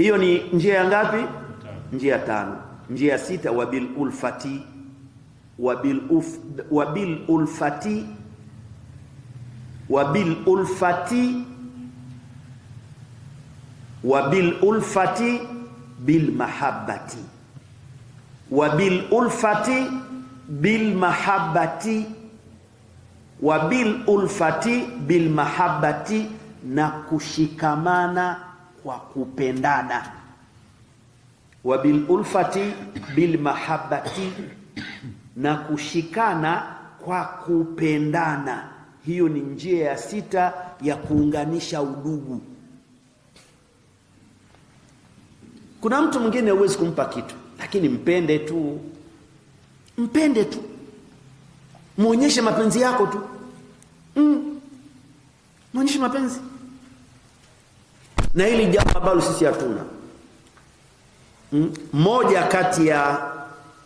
Hiyo ni njia ya ngapi? Njia tano. Njia sita, wabil ulfati wabil uf, wabil ulfati wabil ulfati wabil ulfati bil mahabbati wabil ulfati bil mahabbati wabil ulfati bil mahabbati, na kushikamana kwa kupendana, wa bilulfati bilmahabbati, na kushikana kwa kupendana. Hiyo ni njia ya sita ya kuunganisha udugu. Kuna mtu mwingine huwezi kumpa kitu, lakini mpende tu, mpende tu, mwonyeshe mapenzi yako tu, mm. mwonyeshe muonyeshe mapenzi na hili jambo ambalo sisi hatuna mm? moja kati ya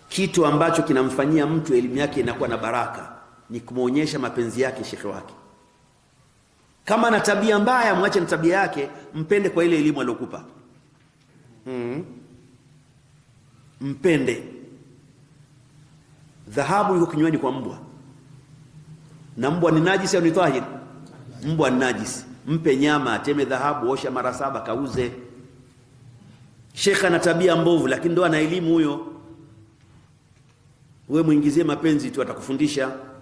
kitu ambacho kinamfanyia mtu elimu yake inakuwa na baraka ni kumwonyesha mapenzi yake shekhe wake. Kama na tabia mbaya, mwache na tabia yake, mpende kwa ile elimu aliyokupa. Mm. Mpende. Dhahabu iko kinywani kwa mbwa, na mbwa ni najisi au ni tahiri? Mbwa ni najisi mpe nyama, ateme dhahabu, osha mara saba, kauze. Shekha ana tabia mbovu, lakini ndo ana elimu huyo. Wewe mwingizie mapenzi tu, atakufundisha.